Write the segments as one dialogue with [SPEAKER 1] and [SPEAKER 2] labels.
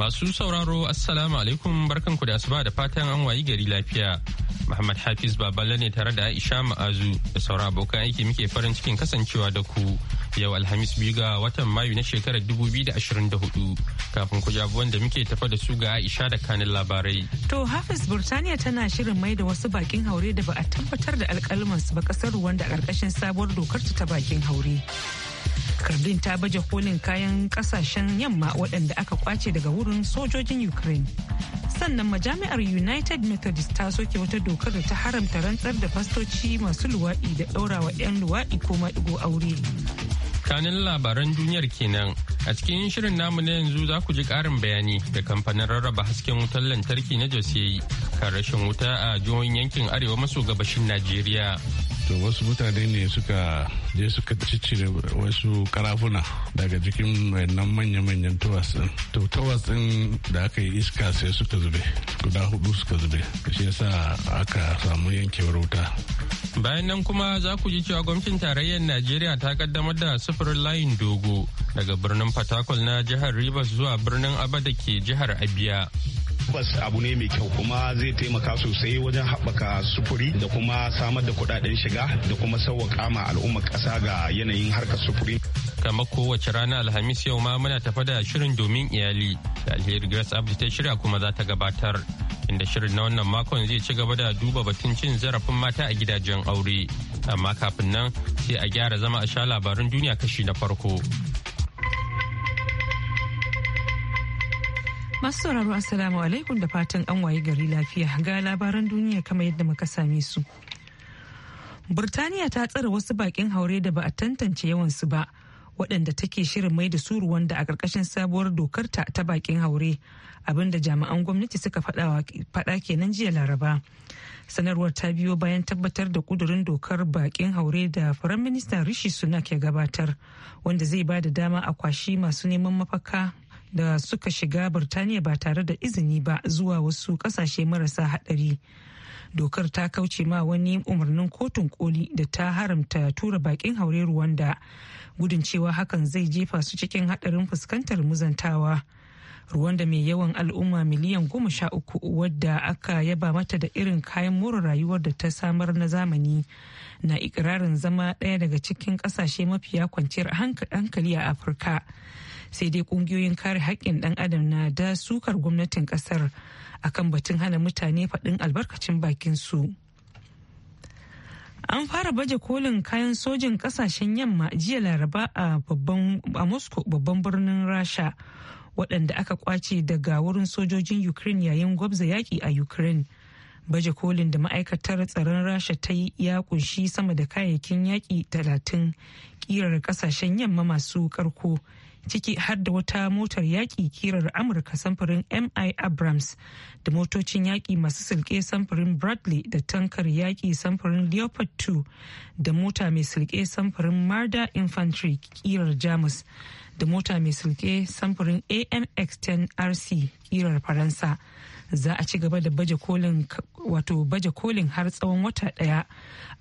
[SPEAKER 1] Masu sauraro Assalamu alaikum ku da asuba da fatan an wayi gari lafiya. Muhammad Hafiz Baballe ne tare da Aisha Ma'azu da saura abokan aiki muke farin cikin kasancewa da ku yau Alhamis biyu ga watan Mayu na shekarar 2024 kafin ku jabi wanda muke tafa da su ga Aisha da kanin labarai.
[SPEAKER 2] To Hafiz Burtaniya tana shirin mai da wasu bakin haure da ba a tabbatar da alkalmansu ba kasar ruwan a ƙarƙashin sabuwar dokar ta bakin haure. Kremlin ta baje kolin kayan kasashen yamma waɗanda aka kwace daga wurin sojojin Ukraine. Sannan majami'ar United Methodist ta soke wata dokar da ta haramta rantsar da fastoci masu luwaɗi da ɗaurawa 'yan luwaɗi ko maɗigo aure.
[SPEAKER 1] Kanin labaran duniyar kenan a cikin shirin namu na yanzu za ku ji ƙarin bayani da kamfanin rarraba hasken wutar lantarki na jose kan rashin wuta a jihohin yankin arewa maso gabashin Najeriya.
[SPEAKER 3] to wasu mutane ne suka je suka ciccire wasu karafuna daga jikin wannan manya-manyan tawas din to tawas din da aka yi iska sai suka zube guda hudu suka zube shi yasa aka samu yankewar wuta
[SPEAKER 1] bayan nan kuma za ku ji cewa gwamnatin tarayyar najeriya ta kaddamar da sufurin layin dogo daga birnin fatakol na jihar rivers zuwa birnin abada ke jihar abia
[SPEAKER 4] tabbas abu ne mai kyau kuma zai taimaka sosai wajen haɓaka sufuri da kuma samar da kuɗaɗen shiga da kuma sauwaƙa ma al'ummar ƙasa ga yanayin harkar sufuri.
[SPEAKER 1] kamar kowace rana alhamis yau ma muna tafa da shirin domin iyali da alheri grace abdi ta shirya kuma za ta gabatar inda shirin na wannan makon zai ci gaba da duba batun cin zarafin mata a gidajen aure amma kafin nan sai a gyara zama a sha labarin duniya kashi na farko.
[SPEAKER 2] Masu sauraro Assalamu alaikum da fatan an waye gari lafiya ga labaran duniya kamar yadda muka same su. Burtaniya ta tsare wasu bakin haure da ba a tantance yawansu ba waɗanda take shirin mai da su da a ƙarƙashin sabuwar dokarta ta bakin haure abinda jami'an gwamnati suka faɗa kenan jiya laraba. Sanarwar ta biyo bayan tabbatar da ƙudurin dokar bakin haure da Firaminista Rishi Sunak ya gabatar wanda zai ba da dama a kwashi masu neman mafaka da suka shiga Birtaniya ba tare da izini ba zuwa wasu kasashe marasa hadari. Dokar ta kauce ma wani umarnin kotun koli da ta haramta tura bakin haure Rwanda gudun cewa hakan zai jefa su cikin hadarin fuskantar muzantawa. Rwanda mai yawan al'umma miliyan goma sha uku wadda aka yaba mata da irin kayan more rayuwar da ta samar na zamani na ikirarin zama ɗaya daga cikin ƙasashe mafiya kwanciyar hankali a Afirka. sai dai kungiyoyin kare haƙƙin ɗan adam na da sukar gwamnatin ƙasar a kan batun hana mutane faɗin albarkacin bakin su. An fara baje kolin kayan sojin ƙasashen yamma jiya laraba a Moscow babban birnin Rasha waɗanda aka kwace daga wurin sojojin Ukraine yayin gwabza yaƙi a Ukraine. Baje kolin da ma'aikatar tsaron Rasha ta yi ya kunshi sama da kayayyakin yaƙi talatin ƙirar ƙasashen yamma masu ƙarko ciki har da wata motar yaƙi kirar amurka samfurin mi abrams da motocin yaƙi masu silke samfurin bradley da tankar yaƙi samfurin leopard 2 da mota mai silke samfurin marder infantry kirar jamus da mota mai silke samfurin amx 10 rc kirar faransa za a ci gaba da baje kolin wato baje kolin har tsawon wata daya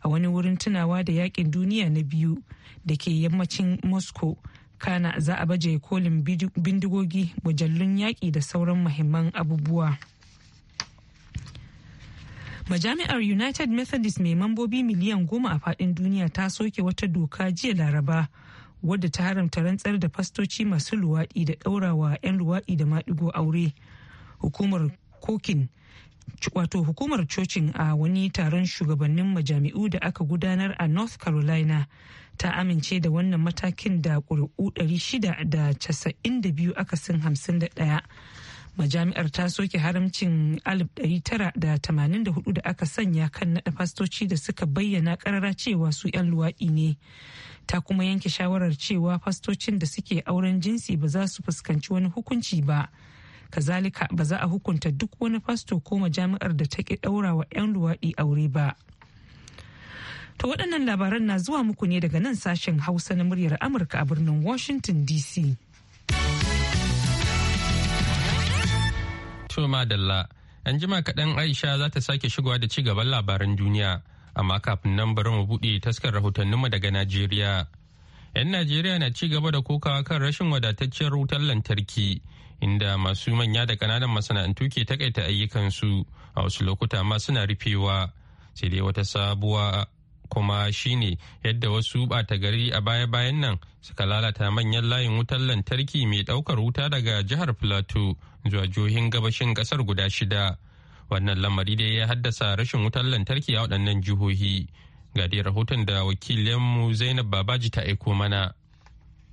[SPEAKER 2] a wani wurin tunawa da yakin duniya na biyu da ke yammacin moscow kana za a baje kolin bindigogi mujallun yaƙi da sauran muhimman abubuwa majami'ar united methodist mai mambobi miliyan goma a faɗin duniya ta soke wata doka jiya laraba wadda ta haramta rantsar da fastoci masu luwaɗi da ɗaurawa 'yan luwaɗi da maɗigo aure hukumar kokin wato hukumar cocin a wani taron shugabannin majami'u da aka gudanar a north carolina ta amince da wannan matakin da ƙuri'u 692 akasin 51 majami'ar ta soke haramcin 1984 da aka sanya kan naɗa fastoci da suka bayyana ƙarara cewa su 'yan luwaɗi ne ta kuma yanke shawarar cewa fastocin da suke auren jinsi ba za su fuskanci wani hukunci ba kazalika ba za a hukunta duk wani fasto ko majami'ar da take ɗaura wa 'yan luwaɗi aure ba. To waɗannan labaran na zuwa muku ne daga nan sashen Hausa na muryar Amurka a birnin Washington DC.
[SPEAKER 1] to madalla ‘yan jima kaɗan Aisha za ta sake shigowa da ci gaban labaran duniya, amma kafin nan bari mu buɗe taskar rahotanninmu daga Najeriya. ‘Yan Najeriya na ci gaba da kokawa kan rashin wadatacciyar wutar lantarki, inda masu manya da ƙananan masana'antu ke takaita ayyukansu, a wasu lokuta ma suna rufewa. Sai dai wata sabuwa kuma shine yadda wasu bata gari a baya-bayan nan suka lalata manyan layin wutar lantarki mai ɗaukar wuta daga jihar plateau zuwa jihohin gabashin kasar guda shida wannan lamari dai ya haddasa rashin wutar lantarki a waɗannan jihohi ga dai rahoton da wakilinmu zainab babaji ta aiko mana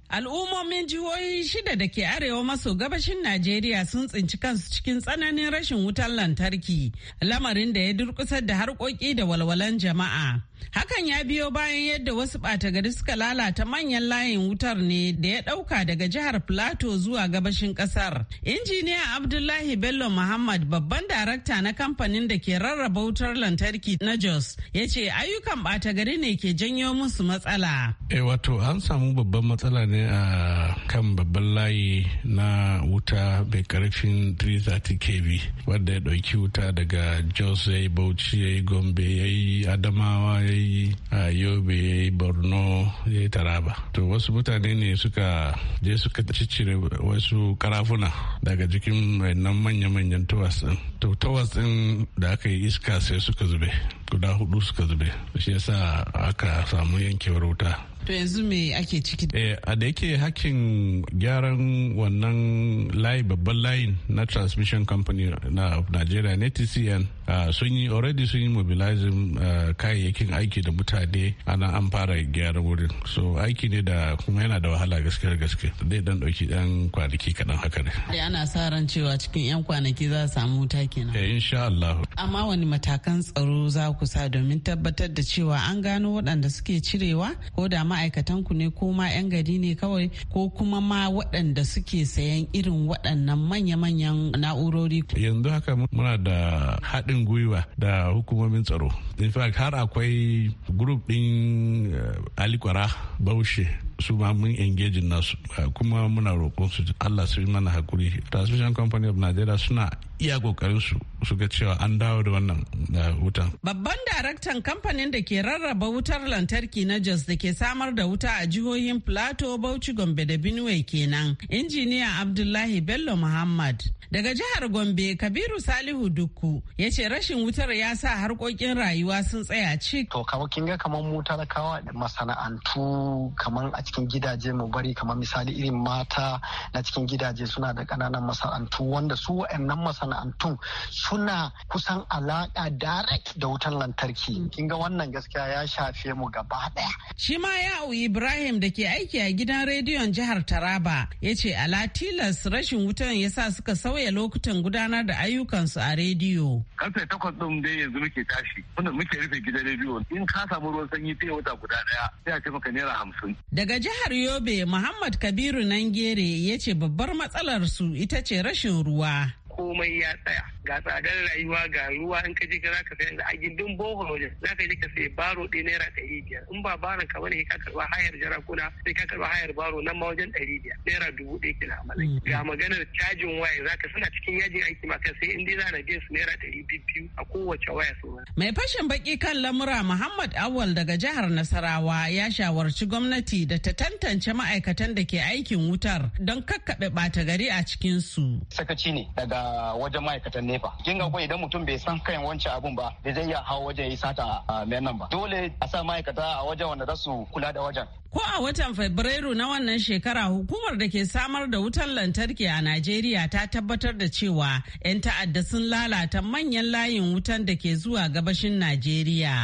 [SPEAKER 5] Al'ummomin jihohi shida da ke arewa maso gabashin Najeriya sun tsinci kansu cikin tsananin rashin wutar lantarki, lamarin da ya durkusar da harkoki da walwalan jama'a. Hakan ya biyo bayan yadda wasu batagari suka lalata manyan layin wutar ne da ya ɗauka daga jihar Plateau zuwa gabashin ƙasar. Injiniya Abdullahi Bello Muhammad babban darakta na kamfanin da ke rarraba wutar lantarki na Jos ya ce ayyukan batagari ne ke janyo musu matsala.
[SPEAKER 3] E wato an samu babban matsala ne a kan babban layi na wuta mai karfin 330 kV wadda ya ɗauki wuta daga Jos ya yi Bauchi ya yi Gombe ya yi Adamawa yi a yobe ya yi borno ya yi taraba to wasu mutane ne suka je suka ciccire wasu karafuna daga jikin nan manya-manyan tawas din to tawas din da aka yi iska sai suka zube guda hudu suka zube shi yasa aka samu yankewar wuta
[SPEAKER 5] To yanzu me ake
[SPEAKER 3] ciki? Eh, a da yake hakkin gyaran wannan layi babban layin na transmission company na Nigeria ne TCN Ah, sun yi already sun yi mobilizing ah, kayayyakin aiki da mutane ana an fara gyara wurin so aiki ne da kuma yana da wahala gaskiyar gaske zai dan dauki yan kwanaki kaɗan haka ne
[SPEAKER 5] ana sa ran cewa cikin yan kwanaki za a samu wuta kenan
[SPEAKER 3] eh insha Allah
[SPEAKER 5] amma wani matakan tsaro za ku sa domin tabbatar da cewa an gano waɗanda suke cirewa ko da ma'aikatan ku ne ko ma yan gari ne kawai ko kuma ma waɗanda suke sayan irin waɗannan manya-manyan
[SPEAKER 3] na'urori yanzu haka muna da haɗin haɗin gwiwa da hukumomin tsaro. in fact har akwai group din eh, alikwara baushe su ma mun engage nasu eh, kuma muna roƙon su Allah su yi mana hakuri transmission company of Nigeria suna iya kokarin su su ga cewa an dawo da wannan eh, wutan
[SPEAKER 5] babban daraktan kamfanin da ke rarraba wutar lantarki na Jos da ke samar da wuta a jihohin Plateau Bauchi Gombe da Benue kenan injiniya Abdullahi Bello Muhammad daga jihar Gombe Kabiru Salihu Dukku ya ce rashin wutar ya sa harkokin rayuwa
[SPEAKER 6] rayuwa sun tsaya ci To kamar kinga ga kamar mu talakawa masana'antu kamar a cikin gidaje mu bari kamar misali irin mata na cikin gidaje suna da kananan masana'antu wanda su wa'annan masana'antu suna kusan alaƙa direct da wutan lantarki. kinga wannan gaskiya ya shafe mu gaba daya.
[SPEAKER 5] Shi ma ya Ibrahim da ke aiki a gidan rediyon jihar Taraba ya ce ala tilas rashin wutan ya sa suka sauya lokutan gudanar da ayyukansu a rediyo.
[SPEAKER 3] Karfe takwas ɗin dai yanzu muke tashi. muke rufe gidan rediyo in ka samu ruwan sanyi sai wata guda daya sai a ce naira hamsin.
[SPEAKER 5] Daga jihar Yobe Muhammad Kabiru Nangere ya ce babbar matsalar su ita ce rashin ruwa.
[SPEAKER 3] komai ya tsaya ga tsadar rayuwa ga ruwa in ka je ka zaka sayan a gindin bohol za ka je ka sayi baro ɗaya naira ɗari biyar in ba baron ka bane ka karba hayar jarakuna sai ka karba hayar baro nan ma wajen ɗari biyar naira dubu ɗaya kina malai mm. ga maganar cajin waya za ka suna cikin yajin aiki ma kan sai in dai za na biyan su naira ɗari biyu a kowace waya su mai
[SPEAKER 5] fashin baki kan lamura Muhammad Awal daga jihar Nasarawa ya shawarci gwamnati da ta tantance ma'aikatan da ke aikin wutar don kakkaɓe ɓata gari a cikinsu.
[SPEAKER 4] Sakaci ne daga wajen ma'aikatan nefa kin ga ko idan mutum bai san kan wancan abun ba da zai iya hawa wajen yi sata a mai nan ba dole a sa ma'aikata a wajen wanda za su kula da wajen
[SPEAKER 5] ko a watan fabrairu na wannan shekara hukumar da ke samar da wutar lantarki a najeriya ta tabbatar da cewa 'yan ta'adda sun lalata manyan layin wutan da ke zuwa gabashin najeriya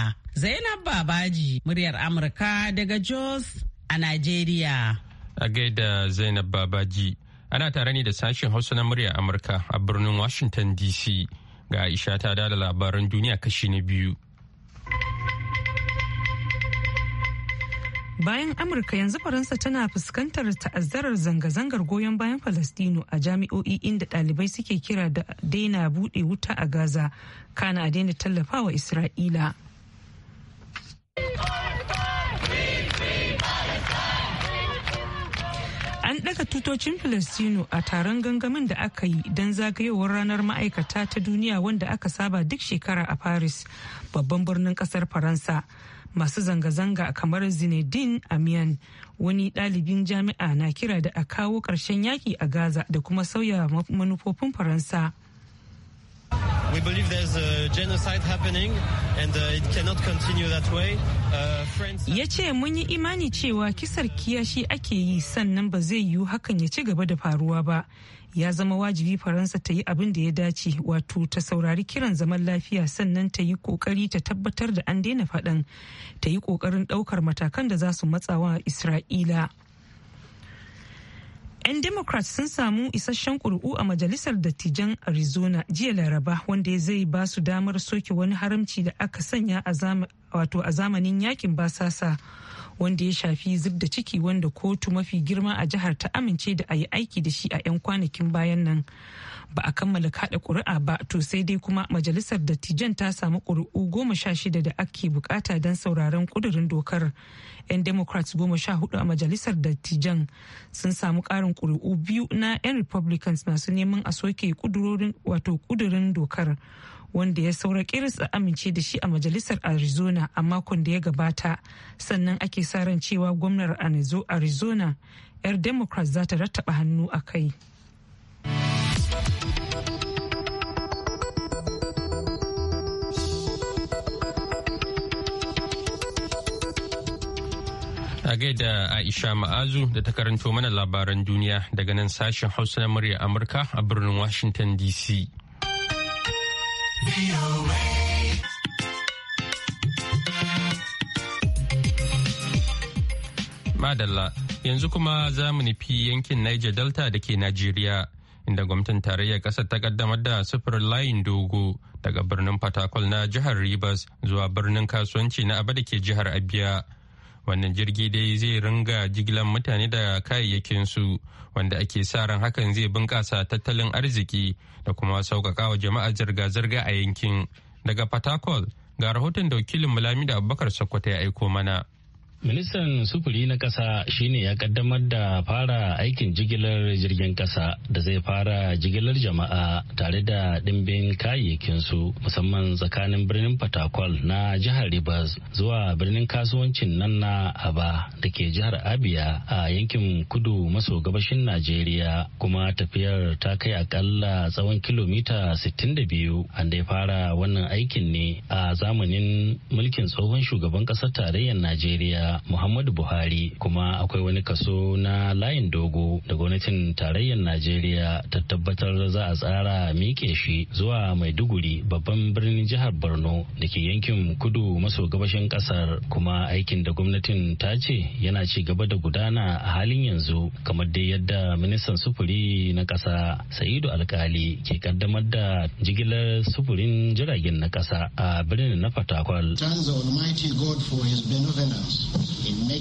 [SPEAKER 5] zainab babaji muryar amurka daga jos a najeriya
[SPEAKER 1] a gaida zainab babaji Ana tare ne da sashen Hausa na murya Amurka a birnin Washington DC ga Aisha ta dala labaran duniya kashi na biyu.
[SPEAKER 2] Bayan Amurka yanzu Faransa tana fuskantar ta'azzarar zanga-zangar goyon bayan Falastino a jami'o'i inda ɗalibai suke kira da daina buɗe wuta a Gaza, kana a daina tallafawa Isra'ila. daga tutocin Filistino a taron gangamin da aka yi don zagayowar ranar ma'aikata ta duniya wanda aka saba duk shekara a Paris, babban birnin kasar Faransa. Masu zanga-zanga kamar Zinedine Amian, wani ɗalibin jami'a na kira da a kawo ƙarshen yaƙi a Gaza da kuma sauya manufofin Faransa.
[SPEAKER 7] We believe there's a uh, genocide happening and uh, it cannot continue that uh,
[SPEAKER 2] Ya ce mun yi imani cewa kisar kiyashi ake yi sannan ba zai yiwu hakan ya ci gaba da faruwa ba. Ya zama wajibi Faransa ta yi abin da ya dace wato ta saurari kiran zaman lafiya sannan ta yi kokari ta tabbatar da an daina faɗan ta yi kokarin ɗaukar matakan da za su matsawa Isra'ila. 'Yan Democrats sun samu isasshen ƙuri'u a Majalisar Dattijan Arizona jiya Laraba wanda zai ba su damar soke wani haramci da aka sanya a zamanin yakin basasa wanda ya shafi zub da ciki wanda kotu mafi girma a jihar ta amince da a yi aiki da shi a 'yan kwanakin bayan nan ba a kammala kada kuri'a ba to sai dai kuma majalisar dattijan ta samu kuri'u goma sha shida da ake bukata don sauraron kudurin dokar 'yan democrats goma sha hudu a majalisar dattijan sun samu karin kuri'u biyu na 'yan republicans masu neman a soke kudurin dokar wanda ya saura kiris amince da shi a majalisar arizona a makon da ya gabata sannan ake sa ran cewa gwamnar arizona 'yar democrat za ta rattaba hannu a kai
[SPEAKER 1] a gaida Aisha Ma'azu da ta karanto mana labaran duniya daga nan sashen Hausa na murya Amurka a birnin Washington DC. Madalla yanzu kuma za mu nufi yankin Niger Delta da ke Najeriya inda gwamnatin tarayyar ƙasar ta kaddamar da sufurin layin dogo daga birnin Fatakwal na jihar Rivers zuwa birnin kasuwanci na abada ke jihar Abia. wannan jirgi dai zai ringa jigilan mutane da kayayyakinsu wanda ake sa ran hakan zai bunƙasa tattalin arziki da kuma sauƙaƙa wa jama'a zirga-zirga a yankin daga fatakol ga rahoton da wakilin mulami da abubakar sokoto ya aiko mana
[SPEAKER 8] Ministan sufuri na ƙasa shine ya kaddamar da fara aikin jigilar jirgin ƙasa da zai fara jigilar jama'a tare da ɗimbin kayayyakinsu musamman tsakanin birnin Fatakwal na jihar Rivers zuwa birnin kasuwancin nan na Aba da ke jihar Abia a yankin kudu maso gabashin Najeriya kuma tafiyar ta kai akalla tsawon kilomita 62 an dai fara wannan aikin ne a zamanin mulkin tsohon shugaban ƙasar tarayyar Najeriya. Muhammadu Buhari kuma akwai wani kaso na layin dogo da gwamnatin tarayyar Najeriya ta tabbatar za a tsara miƙe shi zuwa Maiduguri babban birnin jihar Borno da ke yankin kudu maso gabashin kasar kuma aikin da gwamnatin ta ce yana ci gaba da gudana a halin yanzu kamar dai yadda ministan sufuri na ƙasa Sa'idu Alkali ke kaddamar da jigilar sufurin jiragen na ƙasa a birnin na Fatakwal.
[SPEAKER 7] God for his benevolence. in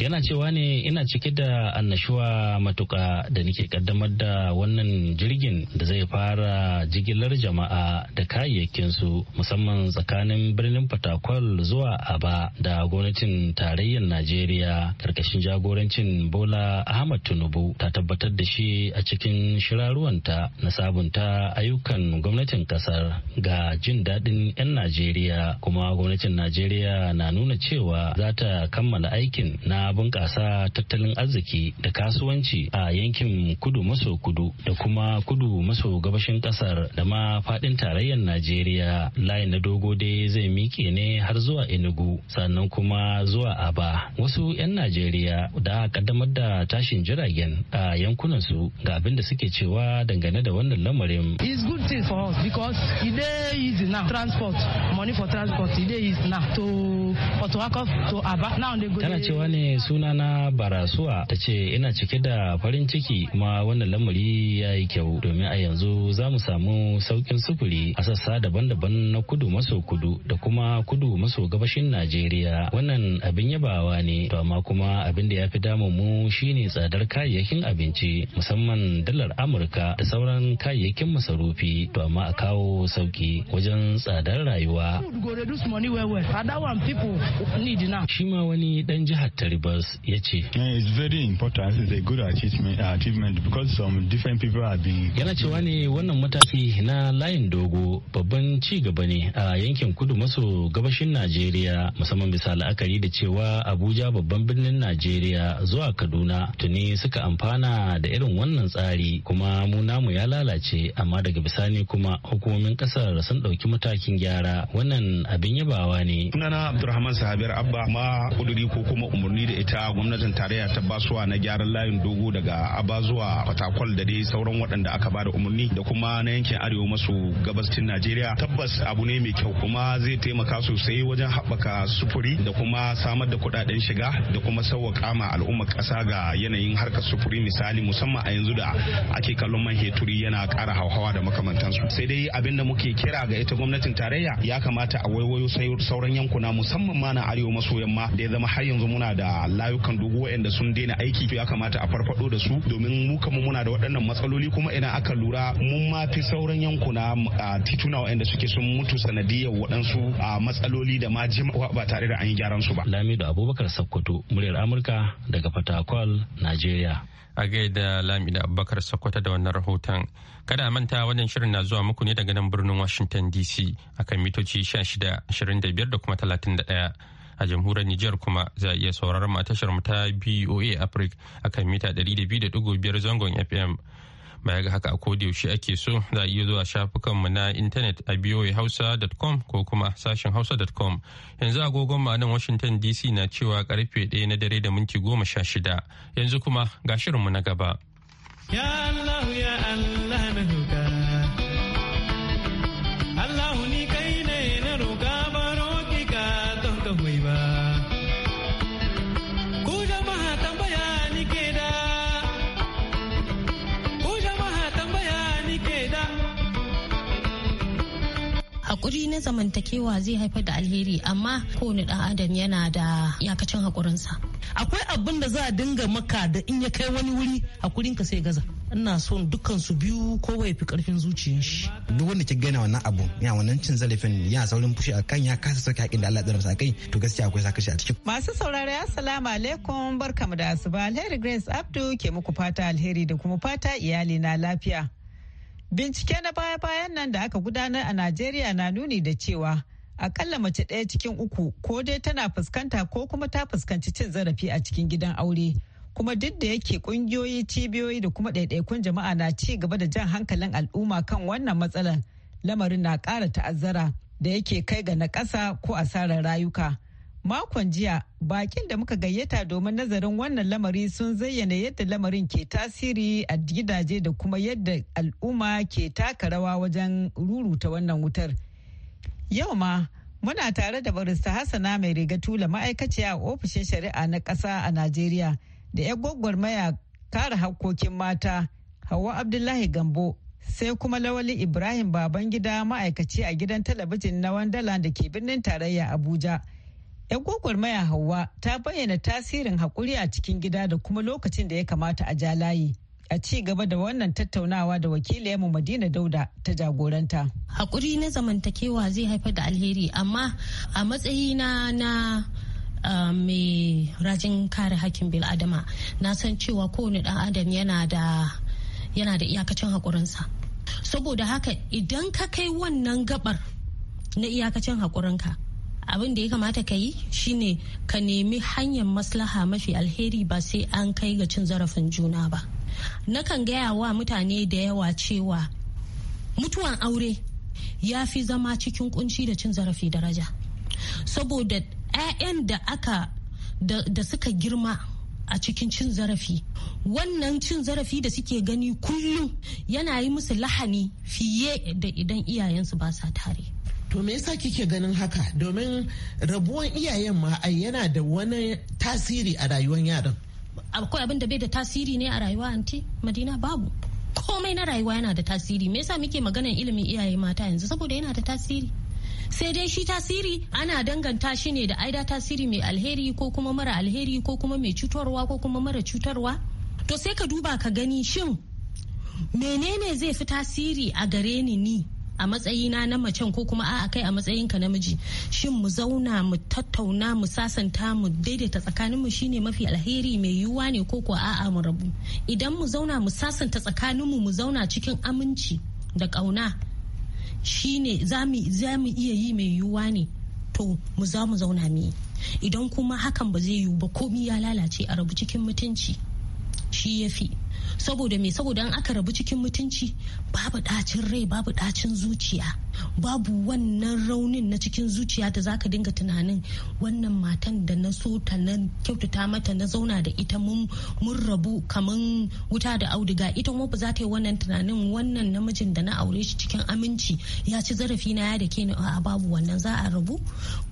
[SPEAKER 8] Yana cewa ne ina cike da annashuwa matuƙa da nake ƙaddamar da wannan jirgin da zai fara jigilar jama'a da kayayyakinsu musamman tsakanin birnin Fatakwal zuwa Aba da gwamnatin tarayyar Najeriya karkashin jagorancin Bola Ahmad Tinubu ta tabbatar da shi a cikin shiraruwanta na sabunta ayyukan gwamnatin kasar ga jin daɗin 'yan Najeriya kuma gwamnatin Najeriya na nuna nuna cewa za ta kammala aikin na bunƙasa tattalin arziki da kasuwanci a yankin kudu maso kudu da kuma kudu maso gabashin ƙasar da ma faɗin tarayyar Najeriya. Layin na dogo dai zai miƙe ne har zuwa Enugu sannan kuma zuwa Aba. Wasu 'yan Najeriya da kaddamar da tashin jiragen a yankunansu ga abin da suke cewa dangane da wannan lamarin.
[SPEAKER 9] It's e transport money for transport e dey is now to Tana cewa
[SPEAKER 8] ne suna na Barasuwa ta ce ina cike da farin ciki kuma wannan lamari ya yi kyau domin a yanzu za mu samu saukin sufuri a sassa daban-daban na kudu maso kudu da kuma kudu maso gabashin Najeriya. Wannan abin yabawa ne to amma kuma abin da ya fi damun mu shine tsadar kayayyakin abinci musamman dalar Amurka da sauran kayayyakin masarufi to amma a kawo sauki wajen tsadar rayuwa. nidina. Shi wani dan jihar Taribas ya ce. It's very important. It's a good uh, Yana cewa ne wannan mataki na layin dogo babban ci gaba ne a yankin kudu maso gabashin Najeriya musamman bisa la'akari da cewa Abuja babban birnin Najeriya zuwa Kaduna tuni suka amfana da irin wannan tsari kuma mu namu ya lalace amma daga bisani kuma hukumomin kasar sun ɗauki matakin gyara wannan abin yabawa ne. abdulrahman sahabiyar abba ma
[SPEAKER 4] kuduri ko kuma umarni da ita gwamnatin tarayya ta basuwa na gyaran layin dogo daga aba zuwa fatakwal da dai sauran waɗanda aka ba da umarni da kuma na yankin arewa maso tin najeriya tabbas abu ne mai kyau kuma zai taimaka sosai wajen haɓaka sufuri da kuma samar da kuɗaɗen shiga da kuma sauwaƙa ma al'ummar ƙasa ga yanayin harkar sufuri misali musamman a yanzu da ake kallon man heturi yana ƙara hauhawa da makamantansu sai dai abin da muke kira ga ita gwamnatin tarayya ya kamata a waiwayo sauran yankuna musamman musamman ma na arewa maso yamma da ya zama har yanzu muna da layukan dogo waɗanda sun daina aiki to ya kamata a farfado da su domin mu kama muna da waɗannan matsaloli kuma ina aka lura mun ma fi sauran yankuna a tituna waɗanda suke sun mutu sanadiyar waɗansu
[SPEAKER 8] a matsaloli da ma jimawa ba tare da an yi gyaran su ba. Lamido Abubakar sakkwato muryar Amurka daga Fatakwal, Najeriya.
[SPEAKER 1] a gaida lamida abubakar sokoto da wannan rahoton kada a manta wannan shirin na zuwa muku ne daga nan birnin washington dc akan mitoci 1625 da kuma 31 a jamhuriyar niger kuma za a iya sauraron mu ta boa africa kan mita 200.5 zangon fm ma ga haka a yaushe ake so za a iya zuwa shafukanmu na intanet a voahausa.com ko kuma sashen hausa.com yanzu agogon nan washington dc na cewa karfe 1 na dare da minti goma sha shida yanzu kuma ga shirinmu na gaba
[SPEAKER 10] na zamantakewa zai haifar da alheri amma kowane dan adam yana da yakacin haƙurinsa. akwai
[SPEAKER 9] abin da za a dinga maka da in ya kai wani wuri hakurin ka sai gaza ina son dukkan su biyu
[SPEAKER 6] kowa ya fi karfin zuciyar shi duk wanda ke gane wannan abu ya wannan cin zarafin ya saurin fushi akan ya kasa sauke hakin da Allah ya tsara kai to gaskiya akwai sakashi a cikin
[SPEAKER 11] masu saurare assalamu alaikum barkamu da asuba alheri grace abdu ke muku fata alheri da kuma fata iyali na lafiya Bincike na baya-bayan nan da aka gudanar a Najeriya na nuni da cewa akalla mace ɗaya cikin uku ko dai tana fuskanta ko kuma ta fuskanci cin zarafi a cikin gidan aure. Kuma duk da yake ƙungiyoyi cibiyoyi da kuma ɗaiɗaikun jama'a na ci gaba da jan hankalin al'umma kan wannan matsalar lamarin na ƙara ta'azzara da yake kai ga naƙasa ko asarar rayuka. Makon jiya bakin da muka gayyata domin nazarin wannan lamari sun zayyana yadda lamarin ke tasiri a gidaje da kuma yadda al'umma ke taka rawa wajen ruruta wannan wutar. Yau ma muna tare da barista Hassana mai riga tula ma'aikaciya a ofishin shari'a na ƙasa a Najeriya da 'yan gwagwarmaya kare hakkokin mata hawa Abdullahi Gambo sai kuma Lawali Ibrahim Babangida ma'aikaci a gidan talabijin na Wandala da ke birnin tarayya Abuja. 'Yan gwagwarmaya Hauwa ta bayyana tasirin haƙuri a cikin gida da kuma lokacin da ya kamata a ja layi. A ci gaba da wannan tattaunawa da
[SPEAKER 10] wakiliyarmu Madina Dauda ta jagoranta. Haƙuri na zamantakewa zai haifar da alheri amma a matsayi na Uh, mai rajin kare hakkin bil'adama na san cewa kowane dan adam yana da yana da iyakacin haƙurinsa saboda haka idan ka kai wannan gabar na iyakacin haƙurinka abin da ya kamata ka yi shine ka nemi hanyar maslaha mafi alheri ba sai an kai ga cin zarafin juna ba nakan gaya wa mutane da yawa cewa mutuwan aure ya fi zama cikin kunci da cin zarafi daraja saboda 'ya'yan da aka da suka girma a cikin cin zarafi wannan cin zarafi da suke gani kullum yana yi musu lahani fiye da idan iyayensu ba sa tare to me yasa kike ganin
[SPEAKER 7] haka domin rabuwan iyayen ma ai yana da wani tasiri a rayuwar yaran
[SPEAKER 10] akwai abin da bai da tasiri ne a rayuwa anti madina babu komai na rayuwa yana da tasiri me yasa muke maganar ilimin iyaye mata yanzu saboda yana da tasiri sai dai shi tasiri ana danganta shi ne da aida tasiri mai alheri ko kuma mara alheri ko kuma mai cutarwa ko kuma mara cutarwa to sai ka duba ka gani shin menene zai fi tasiri a gare ni ni a matsayina na macen ko kuma a kai a matsayinka namiji shin mu zauna mu tattauna mu sasanta mu daidaita tsakanin mu shine mafi alheri mai yiwuwa ne ko ko a'a mu rabu idan mu zauna mu sasanta tsakanin mu mu zauna cikin aminci da kauna shine za mu iya yi mai yiwuwa ne to mu za mu zauna mu idan kuma hakan ba zai yiwu ba komi ya lalace a rabu cikin mutunci shi ya fi saboda me saboda an aka rabu cikin mutunci babu ɗacin rai babu ɗacin zuciya babu wannan raunin na cikin zuciya ta zaka dinga tunanin wannan matan da na so ta na kyautata mata na zauna da ita mun rabu kamar wuta da auduga ita kuma ba za ta yi wannan tunanin wannan namijin da na aure shi cikin aminci ya ci zarafi na ya da ke ni a babu wannan za a rabu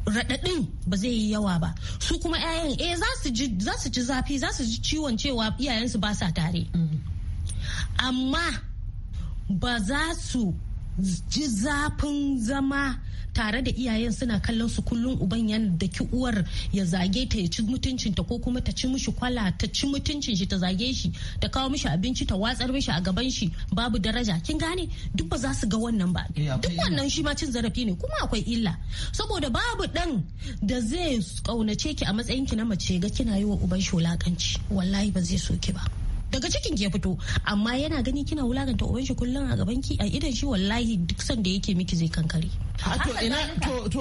[SPEAKER 10] raɗaɗin ba zai yi yawa ba su kuma 'ya'yan eh za su ji zafi za su ji ciwon cewa iyayensu ba sa tare Mm-hmm. amma ba za su ji zafin zama tare da iyayen suna kallon su kullum uban yan da ki uwar ya zage ta ya ci mutuncin ta ko kuma ta ci mushi kwala ta ci mutuncin shi ta zage shi ta kawo mishi abinci ta watsar mishi a gaban shi babu daraja kin gane duk ba za su ga wannan ba eh, duk wannan shi ma cin zarafi ne kuma akwai illa saboda babu dan da zai kaunace ki a matsayin ki na mace ga kina yi wa uban shi wulakanci wallahi ba zai so ki ba daga cikin ke fito amma yana gani kina wulaganta uban shi kullum a gaban ki a idan shi wallahi duk san da yake miki zai kankare ah, to ina to
[SPEAKER 7] to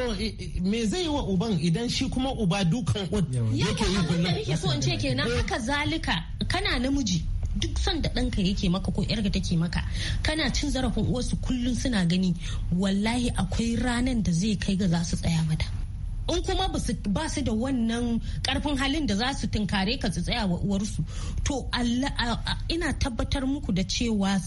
[SPEAKER 7] me zai yi wa uban idan shi kuma uba dukan yake yi kullum yawa so in ce kenan eh.
[SPEAKER 10] haka zalika kana namiji duk san da ɗanka yake maka ko yarga take maka kana cin zarafin uwarsu kullum suna gani wallahi akwai ranan da zai kai ga za su tsaya mata in kuma ba su da wannan karfin halin da za su tunkare ka su tsaya wa uwarsu to ina tabbatar muku da cewa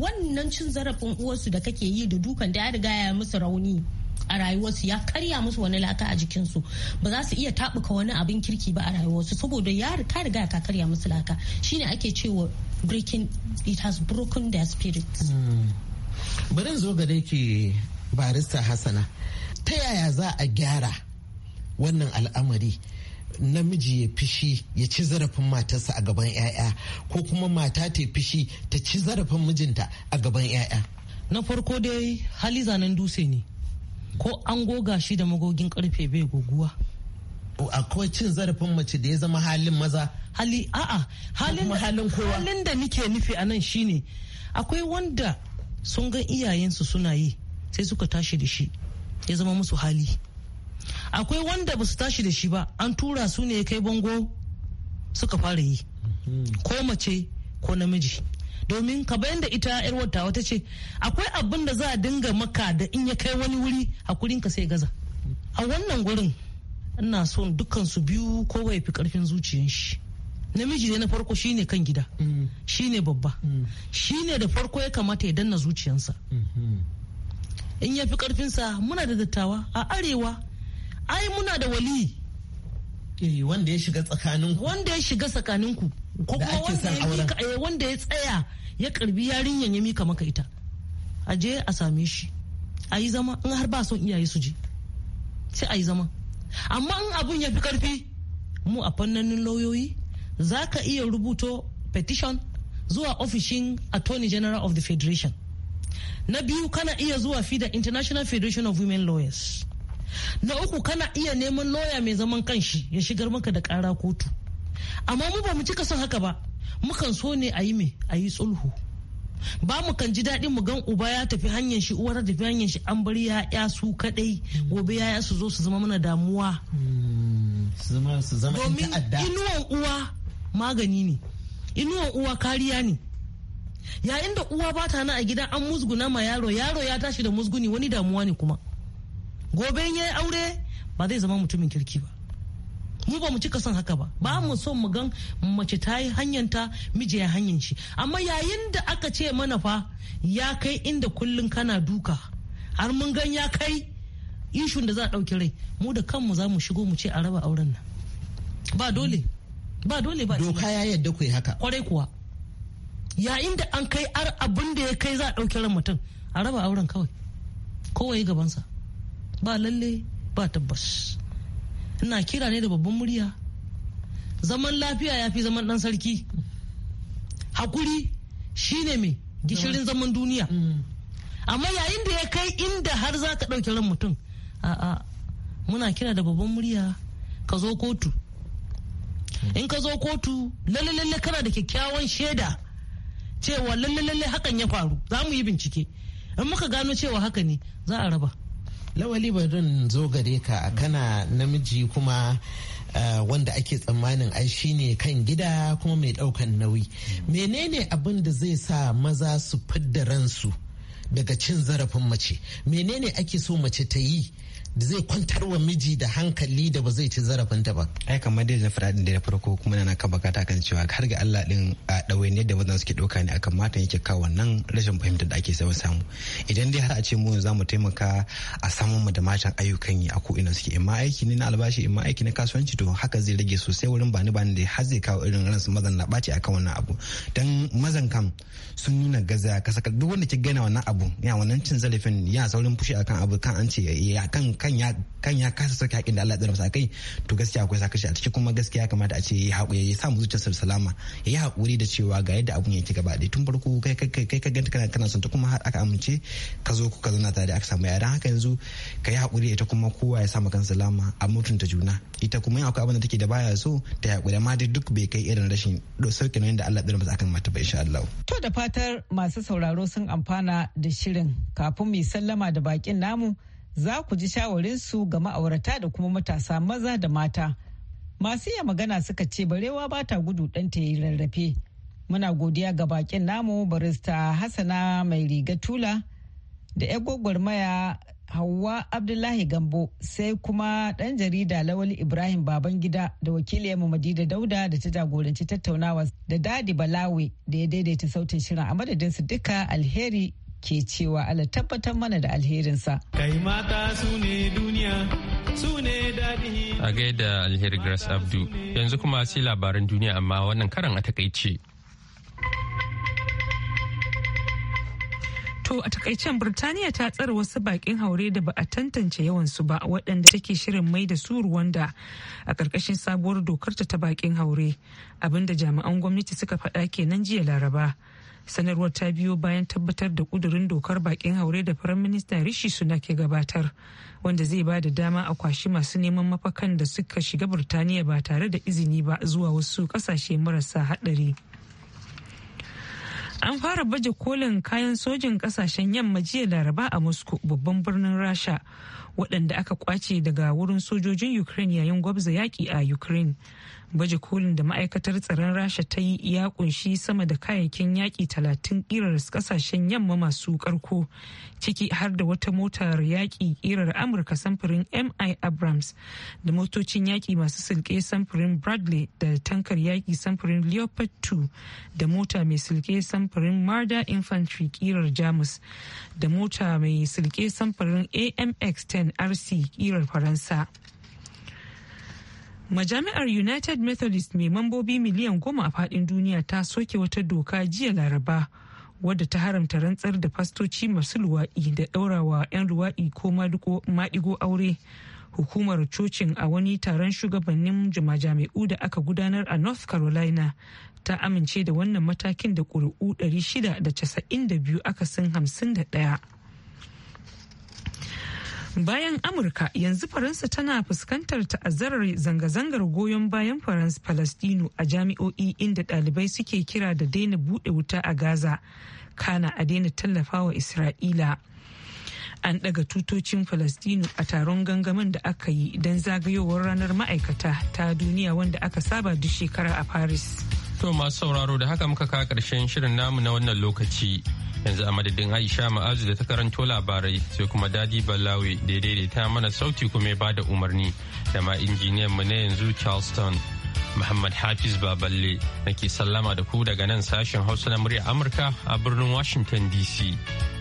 [SPEAKER 10] wannan cin zarafin uwarsu da kake yi da dukan da ya riga ya musu rauni a rayuwarsu ya karya musu wani laka a jikinsu ba za su iya taɓuka wani abin kirki ba a rayuwarsu saboda ya ka riga ka karya musu laka shine ake cewa breaking it has broken their spirit. Hmm.
[SPEAKER 7] bari zo ga dai barista hasana ta yaya za a gyara wannan al'amari namiji ya fishi ya ci zarafin matarsa a gaban 'ya'ya ko kuma mata ta fishi ta ci zarafin mijinta a gaban 'ya'ya na farko dai hali zanen dutse ne ko an goga shi da magogin karfe bai goguwa akwai cin zarafin mace da ya zama halin maza
[SPEAKER 9] hali a'a halin da nike nufi a nan shine akwai wanda sun ga iyayensu suna yi sai suka tashi da shi ya zama musu hali akwai wanda ba su tashi da shi ba an tura su ne kai bango suka fara yi ko mace ko namiji domin ka bayan da ita yar wata wata ce akwai abin da za a dinga maka da in ya kai wani wuri hakurin ka sai gaza a wannan gurin ina son dukkan su biyu ko ya fi karfin zuciyan shi namiji ne na farko shine kan gida shine babba shine da farko ya kamata ya danna zuciyansa mm-hmm. in ya fi karfinsa muna da dattawa a arewa ai muna da wali eh wanda ya shiga ku. wanda ya shiga tsakaninku ko kuma wanda ya eh, wanda ya tsaya ya karbi yarinyan ya mika maka ita a je a same shi a yi zama in har ba son iyaye su je sai a yi zama amma in abun ya fi karfi mu a fannanin lauyoyi za ka iya rubuto petition zuwa ofishin attorney general of the federation na biyu kana iya zuwa fida international federation of women lawyers na uku kana iya neman loya mai zaman kanshi ya shigar maka da kara kotu amma mu ba mu cika son haka ba mukan so ne a yi me a yi sulhu ba mu kan ji daɗin mu gan uba ya tafi hanyar shi uwar tafi hanyar shi an bari ya su kadai gobe ya su zo su zama mana damuwa hmm, domin inuwan uwa magani ne inuwan uwa kariya ne yayin da uwa ba ta na a gida an musguna ma yaro yaro ya tashi da musguni wani damuwa ne kuma gobe in yi aure ba zai zama mutumin kirki ba mu ba mu cika son haka ba ba mu son mu gan mace ta yi hanyanta miji ya hanyar shi amma yayin da aka ce mana fa ya kai inda kullun kana duka har mun gan ya kai ishun da za a ɗauki rai mu da kanmu za mu shigo mu ce a raba auren nan ba dole ba dole ba doka ya yadda ku yi haka kwarai kuwa yayin da an kai ar abin da ya kai za a ɗauki ran mutum a raba auren kawai kowai gabansa ba lalle ba tabbas ina kira ne da babban murya zaman lafiya ya fi zaman dan sarki hakuri shine mai gishirin zaman duniya mm. amma yayin da ya kai inda har za ka ɗauki ran mutum a'a muna kira da babban murya ka zo kotu in ka zo kotu lalle lalle kana da kyakkyawan shaida cewa lalle lalle hakan ya faru za mu yi bincike in muka gano cewa haka ne za a raba lawali barin zo
[SPEAKER 7] gare ka kana namiji kuma eh, wanda ake tsammanin ai shine kan gida kuma mai daukan nauyi menene abin da zai sa maza su fidda ransu daga cin zarafin mace menene ake so mace ta yi da zai kwantar wa miji da hankali da ba zai ci zarafin ta ba.
[SPEAKER 6] Ai kamar dai na faɗa da farko kuma na kan bukata kan cewa har ga Allah din a ne da mazan suke ɗauka ne akan matan yake kawo wannan rashin fahimta da ake samu samu. Idan dai har a ce mu za mu taimaka a samu mu da matan ayyukan yi a ko'ina suke ma aiki ne na albashi ma aiki na kasuwanci to haka zai rage sosai wurin bani bani da har zai kawo irin ransu mazan na ɓaci akan wannan abu. Dan mazan kam sun nuna gaza saka duk wanda ke gana wannan abu ya wannan cin zarafin ya saurin fushi akan abu kan an ce ya kan kan ya kasa sauke haƙin da Allah ya masa kai to gaskiya akwai sakashi a ciki kuma gaskiya kamata a ce ya haƙuri ya samu zuciyar salama ya yi haƙuri da cewa ga yadda abun yake gaba da tun farko kai ka ganta kana kana son ta kuma har aka amince ka zo ka zauna tare aka samu yaran haka yanzu ka yi haƙuri ita kuma kowa ya samu kansa salama a mutunta juna ita kuma akwai abin da take da baya so ta haƙuri amma dai duk bai kai irin rashin sarki nauyin da Allah ya masa akan mata ba insha Allah.
[SPEAKER 11] To da fatar masu sauraro sun amfana da shirin kafin mu sallama da bakin namu za ku ji shawarinsu ga ma'aurata da kuma matasa maza da mata. Masu iya magana suka ce barewa ba ta gudu ɗanta ya rarrafe. Muna godiya ga bakin namu barista Hassana mai riga tula da ya gwagwarmaya Hauwa Abdullahi Gambo sai kuma ɗan jarida Lawal Ibrahim Babangida da wakili wakiliyarmu Madida Dauda da ta jagoranci tattaunawa da Dadi Balawi da ya daidaita sautin shirin a madadinsu duka alheri ke cewa ala tabbatar mana da alherinsa. Kai mata su ne duniya,
[SPEAKER 4] su ne daɗi.
[SPEAKER 1] A gaida alheri Grace Abdu, yanzu kuma sai labarin duniya amma wannan karan a takaice.
[SPEAKER 2] To a takaicen Birtaniya ta tsare wasu bakin haure da ba a tantance yawansu ba waɗanda take shirin mai da su Ruwanda a ƙarƙashin sabuwar dokarta ta bakin haure abinda jami'an gwamnati suka faɗa kenan jiya Laraba. sanarwar ta biyo bayan tabbatar da kudurin dokar bakin haure da firaminista minista rishi suna ke gabatar wanda zai ba da dama a kwashi masu neman mafakan da suka shiga burtaniya ba tare da izini ba zuwa wasu kasashe marasa hadari. an fara baje kolin kayan sojin kasashen yamma jiya laraba a moscow babban birnin rasha waɗanda aka kwace daga wurin sojojin ukraine yayin gwabza yaƙi a ukraine baje kolin da ma'aikatar tsaron rasha ta yi ya kunshi sama da kayayyakin yaƙi talatin ƙirar ƙasashen yamma masu ƙarko ciki har da wata motar yaƙi ƙirar amurka samfurin mi abrams da motocin yaƙi masu silke samfurin bradley da tankar yaƙi samfurin leopard 2 da mota mai silke samfurin marder infantry ƙirar jamus da mota mai silke samfurin amx 10 rc ƙirar faransa Majami'ar United Methodist mai mambobi miliyan goma a faɗin duniya ta soke wata doka jiya Laraba wadda ta haramta rantsar da fastoci masu luwa'i da ɗaurawa 'yan luwa'i ko maɗigo aure. Hukumar cocin a wani taron shugabannin majami'u da aka gudanar a North Carolina ta amince da wannan matakin da ƙuri'u 692 akasin 51. Bayan Amurka yanzu Faransa tana fuskantar ta'azzarar zanga-zangar goyon bayan Faransa Falastinu a jami'o'i inda ɗalibai suke kira da daina buɗe wuta a Gaza, kana a daina tallafawa Isra'ila. An ɗaga tutocin Falastinu a taron gangamin da aka yi don zagayowar ranar ma'aikata ta duniya wanda aka saba duk shekara a Paris.
[SPEAKER 1] To masu sauraro da haka muka kawo ƙarshen shirin namu na wannan lokaci. Yanzu a madadin Aisha Ma'azu da ta karanto labarai sai kuma Dadi Balawi da ta mana sauti kuma ya bada umarni da ma injiniyan mu na yanzu Charleston. Muhammad Hafiz Baballe nake sallama da ku daga nan sashen Hausa na murya Amurka a birnin Washington DC.